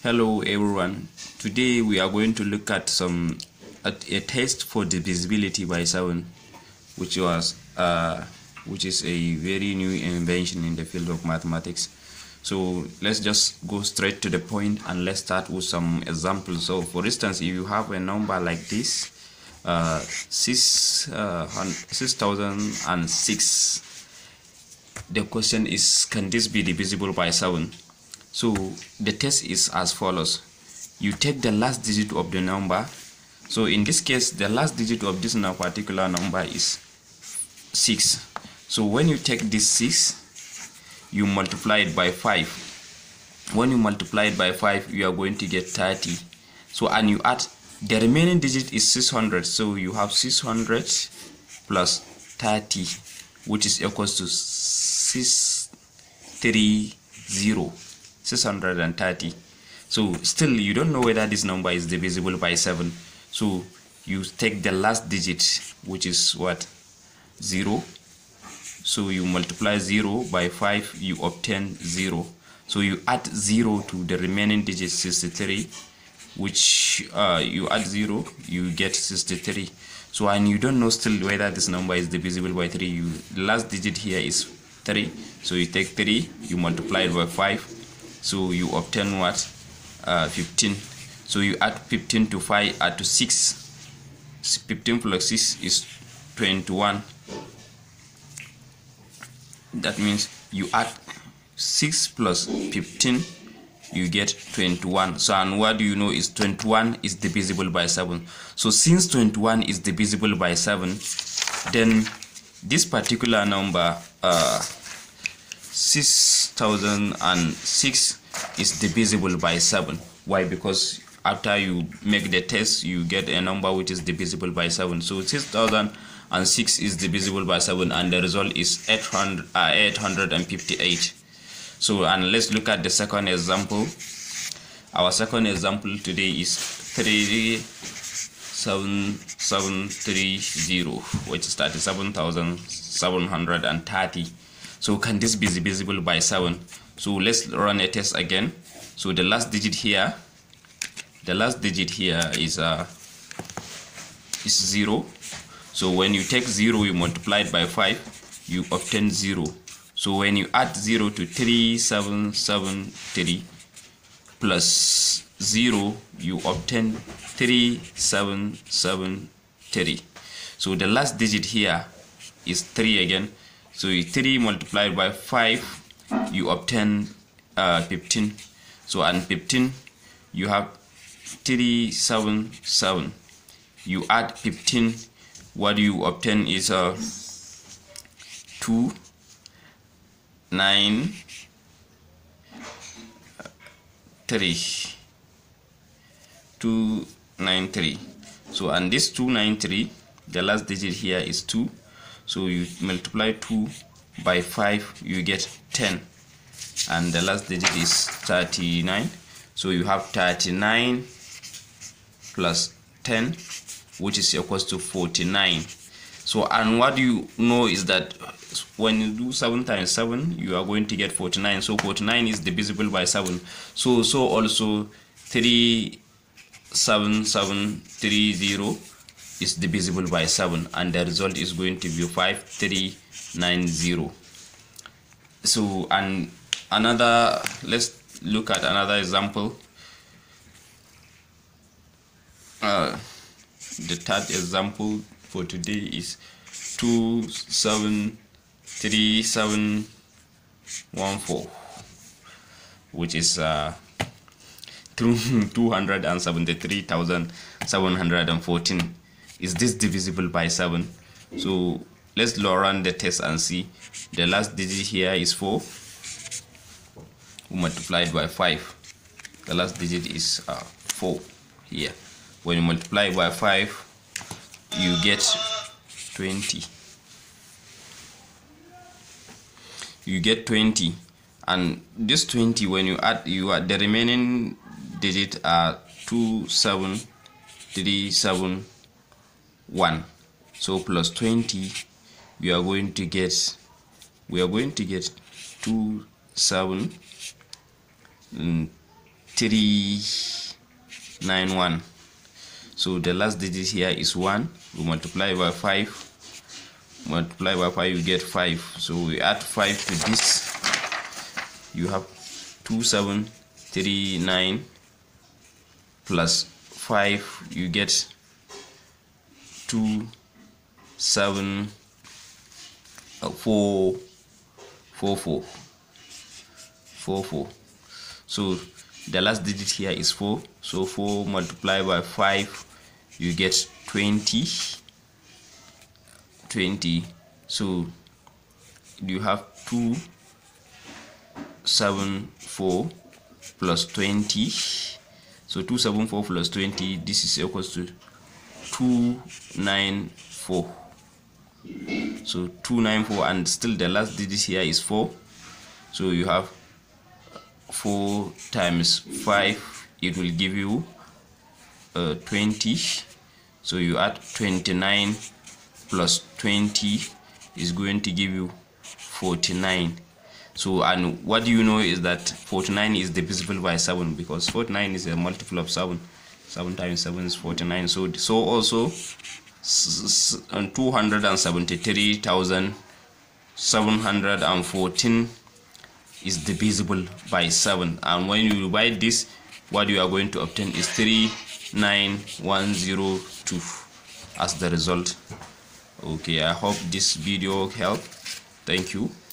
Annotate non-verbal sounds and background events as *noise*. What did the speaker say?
Hello everyone. Today we are going to look at some a, a test for divisibility by 7 which was uh, which is a very new invention in the field of mathematics. So let's just go straight to the point and let's start with some examples. So for instance, if you have a number like this, uh, 6, uh, 6006, the question is can this be divisible by 7? So the test is as follows. You take the last digit of the number. So in this case, the last digit of this particular number is 6. So when you take this 6, you multiply it by 5. When you multiply it by 5, you are going to get 30. So and you add, the remaining digit is 600. So you have 600 plus 30, which is equals to 630. 630 so still you don't know whether this number is divisible by 7 so you take the last digit which is what 0 so you multiply 0 by 5 you obtain 0 so you add 0 to the remaining digit 63 which uh, you add 0 you get 63 so and you don't know still whether this number is divisible by 3 you last digit here is 3 so you take 3 you multiply it by 5 so you obtain what uh, 15 so you add 15 to 5 add to 6 15 plus 6 is 21 that means you add 6 plus 15 you get 21 so and what do you know is 21 is divisible by 7 so since 21 is divisible by 7 then this particular number uh, 6006 is divisible by 7 why because after you make the test you get a number which is divisible by 7 so 6006 is divisible by 7 and the result is 800, uh, 858 so and let's look at the second example our second example today is 37730 which is 37730 so can this be divisible by 7 so let's run a test again so the last digit here the last digit here is uh is 0 so when you take 0 you multiply it by 5 you obtain 0 so when you add 0 to 3773 plus 0 you obtain 3773 so the last digit here is 3 again so 3 multiplied by 5 you obtain uh, 15 so and 15 you have 377 you add 15 what you obtain is a uh, 2 9 3 293 so and this 293 the last digit here is 2 so you multiply 2 by 5 you get 10 and the last digit is 39 so you have 39 plus 10 which is equals to 49 so and what you know is that when you do 7 times 7 you are going to get 49 so 49 is divisible by 7 so so also 3 7 7 3 0 is divisible by 7 and the result is going to be 5390 so and another let's look at another example uh, the third example for today is 273714 which is uh, 273,714 *laughs* is this divisible by 7 so let's run the test and see the last digit here is 4 multiplied by 5 the last digit is uh, 4 here when you multiply by 5 you get 20 you get 20 and this 20 when you add you are the remaining digit are 2 7 3 7 1 so plus 20 we are going to get we are going to get 2 7 3 9 1 so the last digit here is 1 we multiply by 5 multiply by 5 you get 5 so we add 5 to this you have 2 7 3 9 plus 5 you get two seven uh, four four four four four so the last digit here is 4 so 4 multiplied by 5 you get 20 20 so you have two seven 20 so two seven 20 this is equals to 294 so 294 and still the last digit here is 4 so you have 4 times 5 it will give you uh, 20 so you add 29 plus 20 is going to give you 49 so and what you know is that 49 is divisible by 7 because 49 is a multiple of 7 7 times 7 is 49 so so also 273,714 is divisible by 7 and when you divide this what you are going to obtain is 39102 as the result okay i hope this video helped thank you